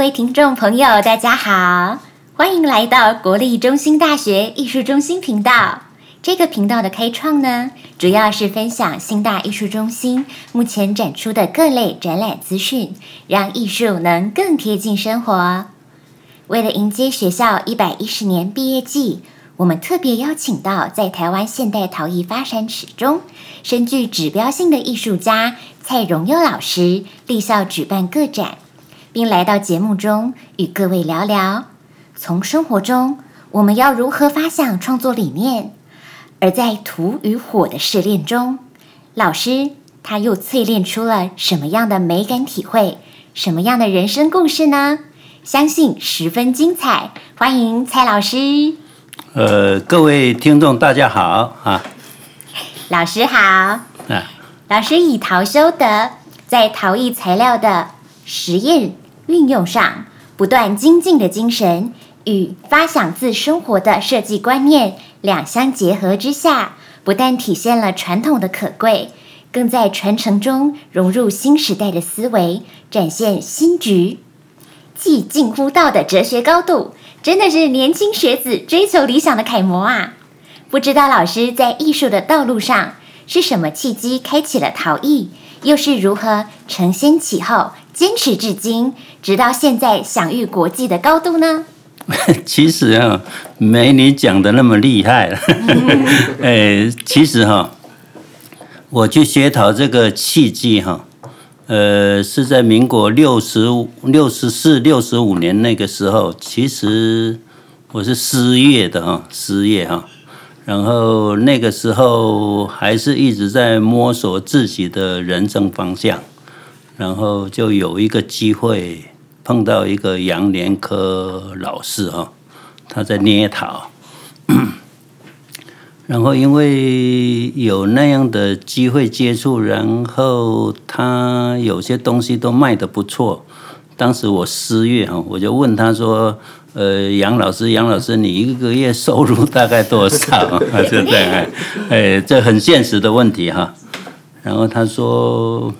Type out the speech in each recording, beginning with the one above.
各位聽眾朋友，大家好，歡迎來到國立中興大學藝術中心頻道。這個頻道的開創呢，主要是分享興大藝術中心目前展出的各類展覽資訊，讓藝術能更貼近生活。為了迎接學校一百一十年畢業季，我們特別邀請到在台灣現代陶藝發展史中深具指標性的藝術家蔡榮祐老師，蒞校舉辦個展。並來到節目中與各位聊聊，從生活中我們要如何發想創作理念？而在土與火的試煉中，老師他又淬煉出了什麼樣的美感體會？什麼樣的人生故事呢？相信十分精彩，歡迎蔡老師。呃，各位聽眾大家好啊，老師好。啊，老師以陶修德，在陶藝材料的實驗、運用上不斷精進的精神與發想自生活的設計觀念兩相結合之下，不但體現了傳統的可貴，更在傳承中融入新時代的思維，展現新局，技近乎道的哲學高度，真的是年輕學子追求理想的楷模啊！不知道老師在藝術的道路上是什麼契機開啟了陶藝，又是如何承先啟後？堅持至今，直到現在享譽國際的高度呢？ 其實啊，沒你講的那麼厲害。 哎，其實哈、啊，我去學陶這個契機哈、啊，呃，是在民國六十五、六十四、六十五年那個時候。其實我是失業的啊，失業哈、啊。然後那個時候還是一直在摸索自己的人生方向。然後就有一個機會碰到一個楊連科老師哈，他在捏陶，然後因為有那樣的機會接觸，然後他有些東西都賣得不錯。當時我失業哈，我就問他說：“呃，楊老師，楊老師，你一個月收入大概多少？”他說：‘對，哎，這很現實的問題哈。然後他說。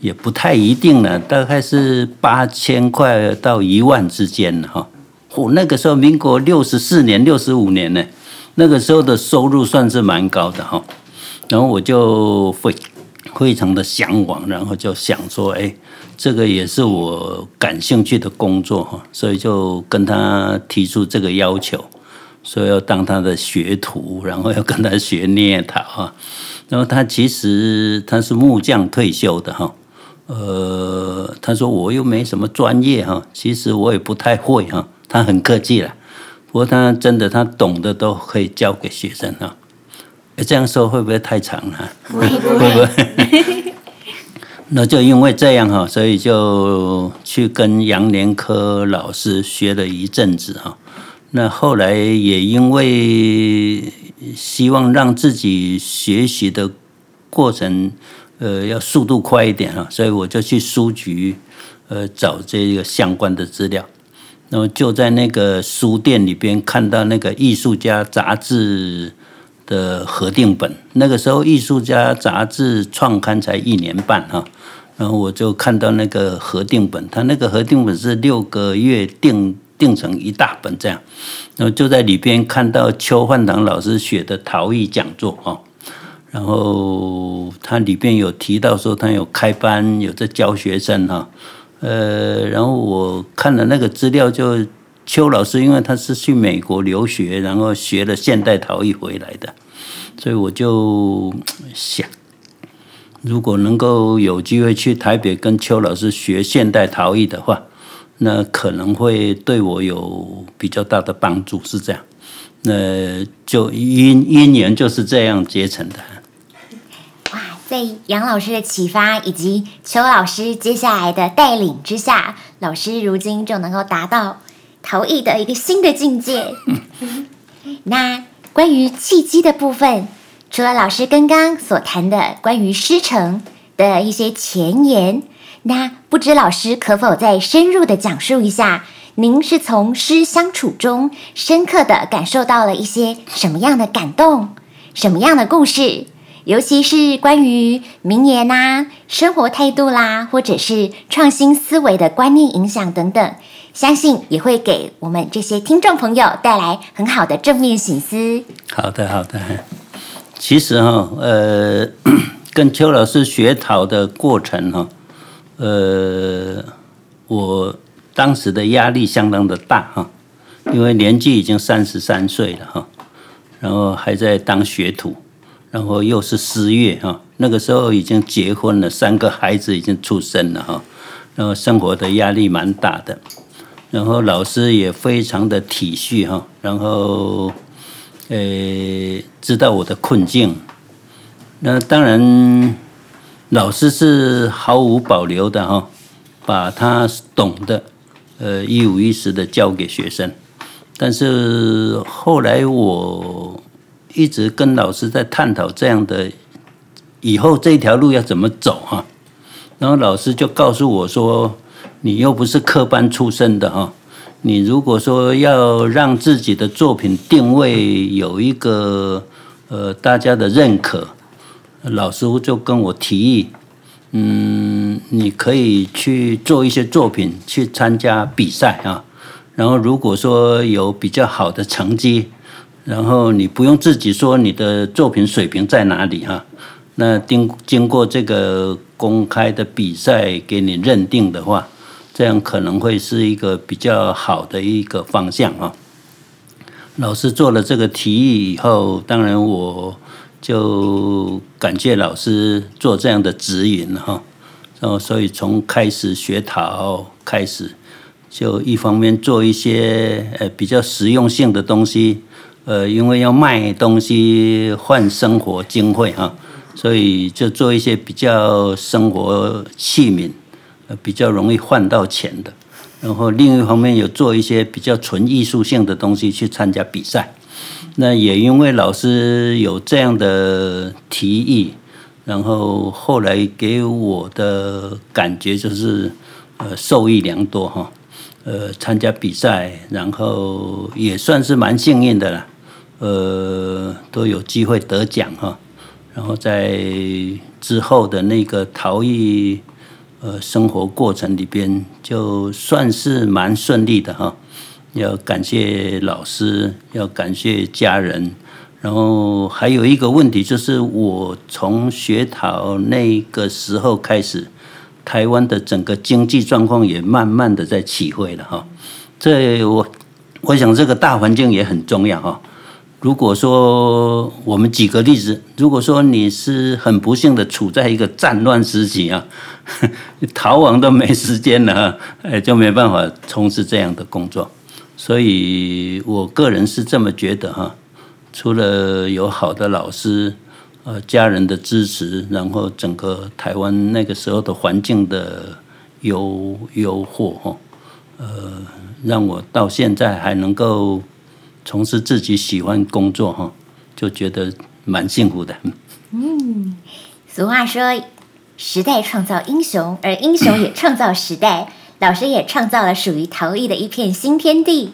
也不太一定呢，大概是八千塊到一萬之間了哈。我、哦、那個時候，民國六十四年、六十五年呢，那個時候的收入算是蠻高的哈。然後我就會非常的向往，然後就想說，哎，這個也是我感興趣的工作哈，所以就跟他提出這個要求，說要當他的學徒，然後要跟他學捏陶哈。然後他其實他是木匠退休的哈。呃，他說我又沒什麼專業哈，其實我也不太會哈。他很客氣了，不過他真的他懂的都可以教給學生啊。這樣說會不會太長了？會不會？那就因為這樣哈，所以就去跟楊連科老師學了一陣子哈。那後來也因為希望讓自己學習的過程，呃，要速度快一點哈，所以我就去書局，呃，找這個相關的資料。然後就在那個書店裡邊看到那個《藝術家》雜誌的合訂本。那個時候，《藝術家》雜誌創刊才一年半啊，然後我就看到那個合訂本。他那個合訂本是六個月訂訂成一大本這樣。然後就在裡邊看到邱煥堂老師寫的陶藝講座啊。然後他裡邊有提到說，他有開班，有在教學生哈。呃，然後我看了那個資料就，就邱老師，因為他是去美國留學，然後學了現代陶藝回來的，所以我就想，如果能夠有機會去台北跟邱老師學現代陶藝的話，那可能會對我有比較大的幫助，是這樣。那就因因緣就是這樣結成的。在楊老師的啟發以及邱老師接下來的帶領之下，老師如今就能夠達到陶藝的一個新的境界。 那關於契機的部分，除了老師剛剛所談的關於師承的一些前言，那不知老師可否再深入的講述一下？您是從師相處中深刻的感受到了一些什麼樣的感動，什麼樣的故事？尤其是關於名言啦、啊、生活態度啦，或者是創新思維的觀念影響等等，相信也會給我們這些聽眾朋友帶來很好的正面信息。好的，好的。其實哈，呃，跟邱老師學陶的過程哈，呃，我當時的壓力相當的大哈，因為年紀已經三十三歲了哈，然後還在當學徒。然後又是失業哈，那個時候已經結婚了，三個孩子已經出生了哈，然後生活的壓力蠻大的，然後老師也非常的體恤哈，然後呃知道我的困境，那當然老師是毫無保留的哈，把他懂的呃一五一十的教給學生，但是後來我。一直跟老師在探討這樣的以後這條路要怎麼走啊？然後老師就告訴我說：“你又不是科班出身的哈，你如果說要讓自己的作品定位有一個呃大家的認可，老師傅就跟我提議，嗯，你可以去做一些作品去參加比賽啊。然後如果說有比較好的成績。”然後你不用自己說你的作品水平在哪裡哈，那經經過這個公開的比賽給你認定的話，這樣可能會是一個比較好的一個方向哈。老師做了這個提議以後，當然我就感謝老師做這樣的指引哈。然後所以從開始學陶開始，就一方面做一些呃比較實用性的東西。呃，因為要賣東西換生活經費哈，所以就做一些比較生活器皿，呃，比較容易換到錢的。然後另一方面有做一些比較純藝術性的東西去參加比賽。那也因為老師有這樣的提議，然後後來給我的感覺就是呃，受益良多哈。呃，參加比賽，然後也算是蠻幸運的啦，呃，都有機會得獎哈。然後在之後的那個陶藝呃生活過程裡邊，就算是蠻順利的哈。要感謝老師，要感謝家人。然後還有一個問題，就是我從學陶那個時候開始。台灣的整個經濟狀況也慢慢的在起飛了哈，這我我想這個大環境也很重要哈。如果說我們舉個例子，如果說你是很不幸的處在一個戰亂時期啊，逃亡都沒時間了，就沒辦法從事這樣的工作。所以我個人是這麼覺得哈，除了有好的老師，呃，家人的支持，然後整個台灣那個時候的環境的優優厚、哦，呃，讓我到現在還能夠從事自己喜歡工作哈、哦，就覺得蠻幸福的。嗯，俗話說，時代創造英雄，而英雄也創造時代。 老師也創造了屬於陶藝的一片新天地。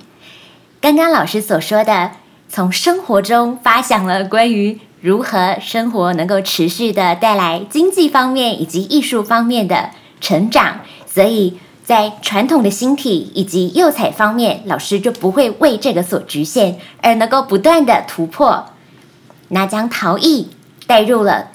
剛剛老師所說的，從生活中發想了關於。如何生活能夠持續的帶來經濟方面以及藝術方面的成長？所以在傳統的形體以及釉彩方面，老師就不會為這個所局限，而能夠不斷的突破，那將陶藝帶入了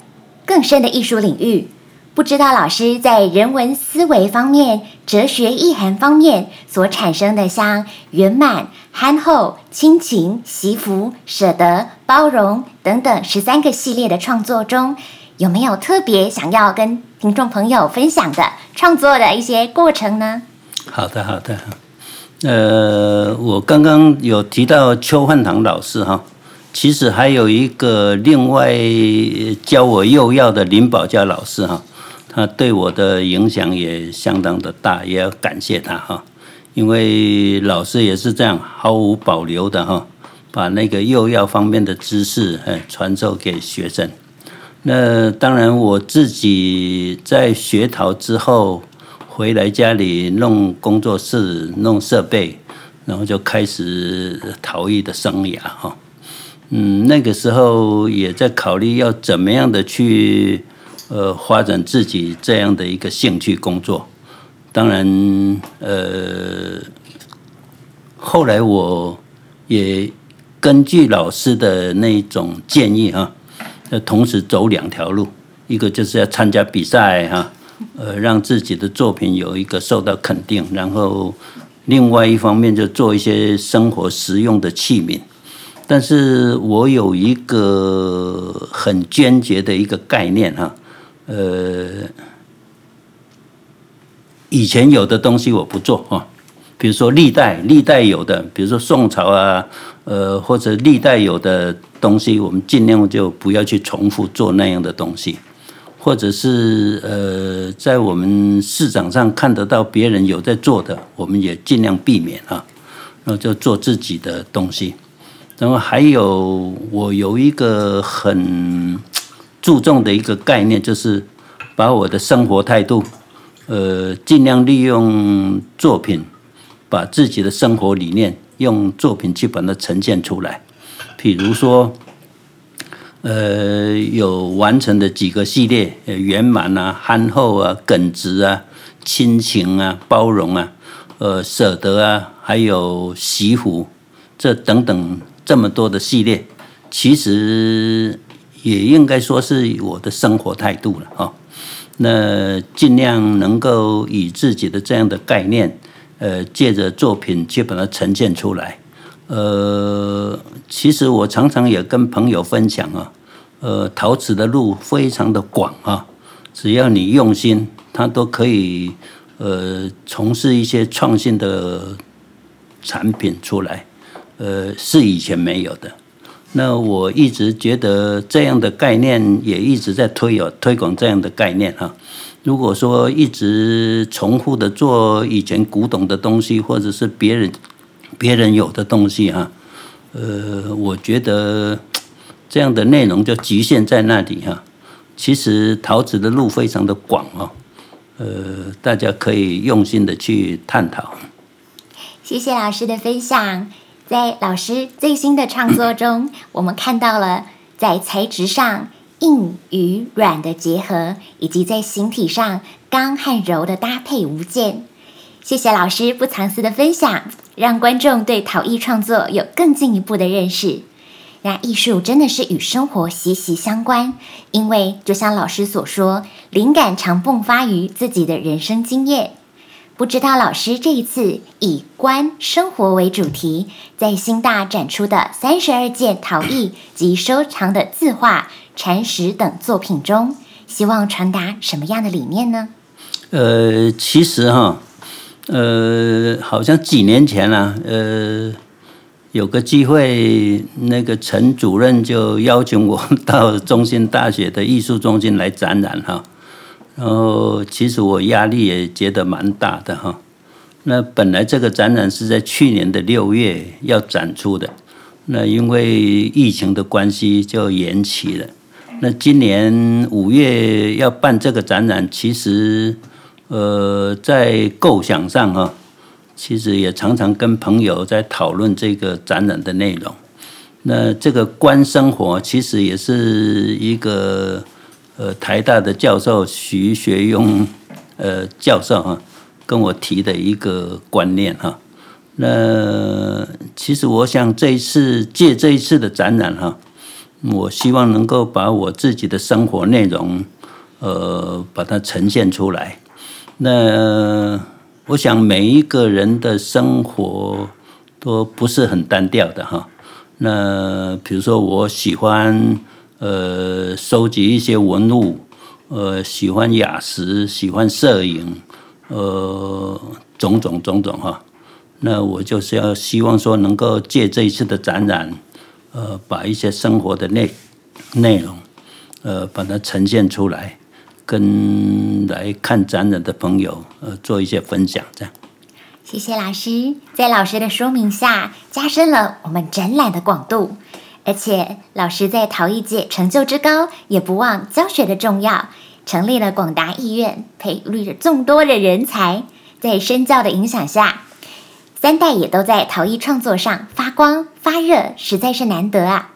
更深的藝術領域。不知道老師在人文思維方面、哲學意涵方面所產生的像圓滿、憨厚、親情、惜福、舍得、包容等等十三個系列的創作中，有沒有特別想要跟聽眾朋友分享的創作的一些過程呢？好的，好的。呃，我剛剛有提到邱煥堂老師哈，其實還有一個另外教我釉藥的林葆家老師哈。他對我的影響也相當的大，也要感謝他哈，因為老師也是這樣毫無保留的哈，把那個釉藥方面的知識傳授給學生。那當然我自己在學陶之後，回來家裡弄工作室、弄設備，然後就開始陶藝的生涯哈。嗯，那個時候也在考慮要怎麼樣的去。呃，發展自己這樣的一個興趣工作，當然，呃，後來我也根據老師的那種建議哈，要、啊、同時走兩條路，一個就是要參加比賽哈、啊，呃，讓自己的作品有一個受到肯定，然後另外一方面就做一些生活實用的器皿，但是我有一個很堅決的一個概念哈。啊呃，以前有的東西我不做啊。比如說歷代歷代有的，比如說宋朝啊，呃，或者歷代有的東西，我們盡量就不要去重複做那樣的東西，或者是呃，在我們市場上看得到別人有在做的，我們也盡量避免啊，那就做自己的東西。然後還有，我有一個很。注重的一個概念就是把我的生活態度，呃，盡量利用作品把自己的生活理念用作品去把它呈現出來。比如說，呃，有完成的幾個系列：圓滿啊、憨厚啊、耿直啊、親情啊、包容啊、呃、捨得啊，還有惜福這等等這麼多的系列，其實。也應該說是我的生活態度了，哦，那儘量能夠以自己的這樣的概念，呃，借着作品去把它呈現出來。呃，其實我常常也跟朋友分享啊，呃，陶瓷的路非常的廣啊，只要你用心，它都可以呃從事一些創新的產品出來，呃，是以前沒有的。那我一直覺得這樣的概念也一直在推啊，哦，推廣這樣的概念啊。如果說一直重複的做以前古董的東西，或者是別人別人有的東西啊，呃，我覺得這樣的內容就侷限在那裡啊。其實陶瓷的路非常的廣哦，呃，大家可以用心的去探討。謝謝老師的分享。在老師最新的創作中，我們看到了在材質上硬與軟的結合，以及在形體上剛和柔的搭配無間。謝謝老師不藏私的分享，讓觀眾對陶藝創作有更進一步的認識。那藝術真的是與生活息息相關，因為就像老師所說，靈感常迸發於自己的人生經驗。不知道老師這一次以“觀生活”為主題，在興大展出的三十二件陶藝及收藏的字畫、禪石等作品中，希望傳達什麼樣的理念呢？呃，其實哈，呃，好像幾年前呢呃，有個機會，那個陳主任就邀請我到中興大學的藝術中心來展覽哈。然後，其實我壓力也覺得蠻大的哈。那本來這個展覽是在去年的六月要展出的，那因為疫情的關係就延期了。那今年五月要辦這個展覽，其實呃，在構想上哈，其實也常常跟朋友在討論這個展覽的內容。那這個觀生活其實也是一個。呃，台大的教授徐學庸，呃，教授哈，跟我提的一個觀念哈。那其實我想這一次借這一次的展覽哈，我希望能夠把我自己的生活內容，呃，把它呈現出來。那我想每一個人的生活都不是很單調的哈。那比如說我喜歡。呃，收集一些文物，呃，喜歡雅石，喜歡攝影，呃，種種種種哈。那我就是要希望說，能夠借這一次的展覽，呃，把一些生活的內內容，呃，把它呈現出來，跟來看展覽的朋友，呃，做一些分享，這樣。謝謝老師，在老師的說明下，加深了我們展覽的廣度。而且老師在陶藝界成就之高，也不忘教學的重要，成立了廣達藝苑，培育了眾多的人才。在身教的影響下，三代也都在陶藝創作上發光發熱，實在是難得啊！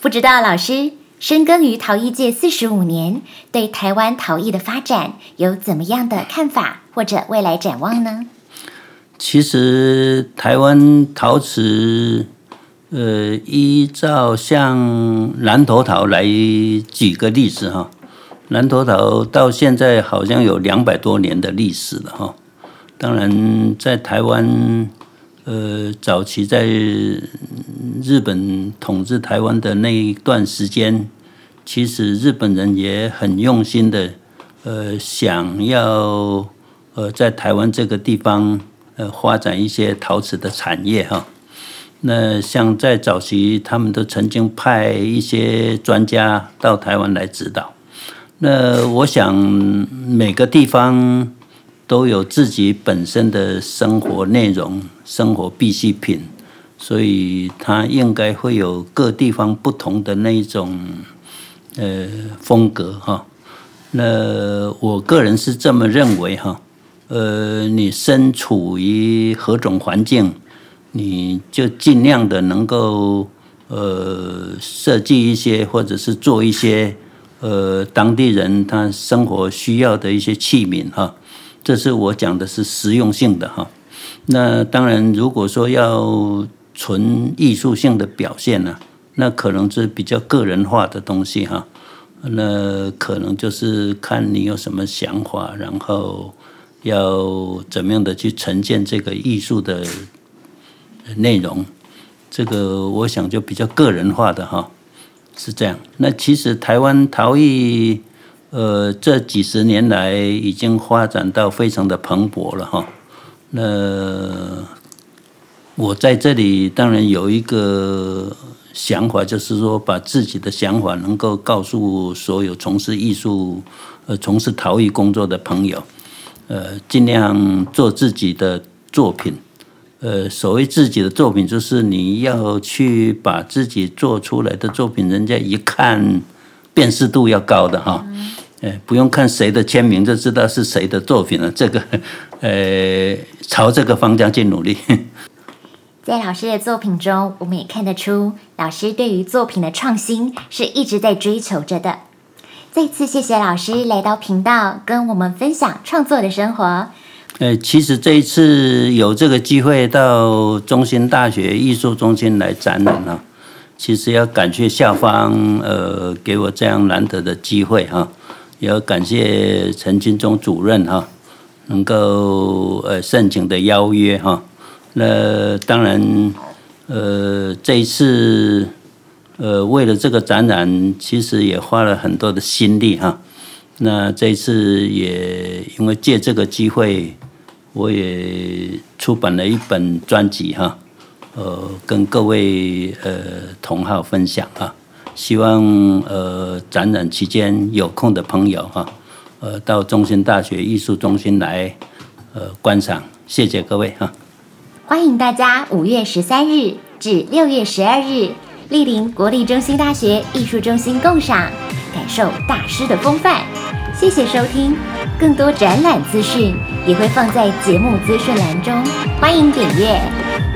不知道老師深耕於陶藝界四十五年，對台灣陶藝的發展有怎麼樣的看法，或者未來展望呢？其實台灣陶瓷。呃，依照像南投陶來舉個例子哈，南投陶到現在好像有兩百多年的歷史了哈。當然，在台灣，呃，早期在日本統治台灣的那一段時間，其實日本人也很用心的，呃，想要呃在台灣這個地方呃發展一些陶瓷的產業哈。那像在早期，他們都曾經派一些專家到台灣來指導。那我想每個地方都有自己本身的生活內容、生活必需品，所以它應該會有各地方不同的那一種呃風格哈。那我個人是這麼認為哈。呃，你身處於何種環境？你就盡量的能夠呃設計一些，或者是做一些呃當地人他生活需要的一些器皿哈。這是我講的是實用性的哈。那當然，如果說要純藝術性的表現呢，那可能是比較個人化的東西哈。那可能就是看你有什麼想法，然後要怎麼樣的去呈現這個藝術的。內容，這個我想就比較個人化的哈，是這樣。那其實台灣陶藝呃，這幾十年來已經發展到非常的蓬勃了哈。那我在這裡當然有一個想法，就是說把自己的想法能夠告訴所有從事藝術呃從事陶藝工作的朋友，呃，儘量做自己的作品。呃，所謂自己的作品，就是你要去把自己做出來的作品，人家一看，辨識度要高的哈，哎、嗯，呃，不用看誰的簽名就知道是誰的作品了。這個，呃，朝這個方向去努力。在老師的作品中，我們也看得出，老師對於作品的創新是一直在追求着的。再次謝謝老師來到頻道，跟我們分享創作的生活。呃，其實這一次有這個機會到中興大學藝術中心來展覽呢、啊，其實要感謝校方呃給我這樣難得的機會哈、啊，也要感謝陳金忠主任哈、啊，能夠呃盛情的邀約哈、啊。那當然呃這一次呃為了這個展覽，其實也花了很多的心力哈、啊。那這次也因為借這個機會，我也出版了一本專輯哈、啊，呃，跟各位呃同好分享哈、啊，希望呃展覽期間有空的朋友哈、啊，呃，到中興大學藝術中心來呃觀賞，謝謝各位哈、啊。歡迎大家五月十三日至六月十二日蒞臨國立中興大學藝術中心共賞，感受大師的風範。謝謝收聽，更多展覽資訊也會放在節目資訊欄中，歡迎點閱。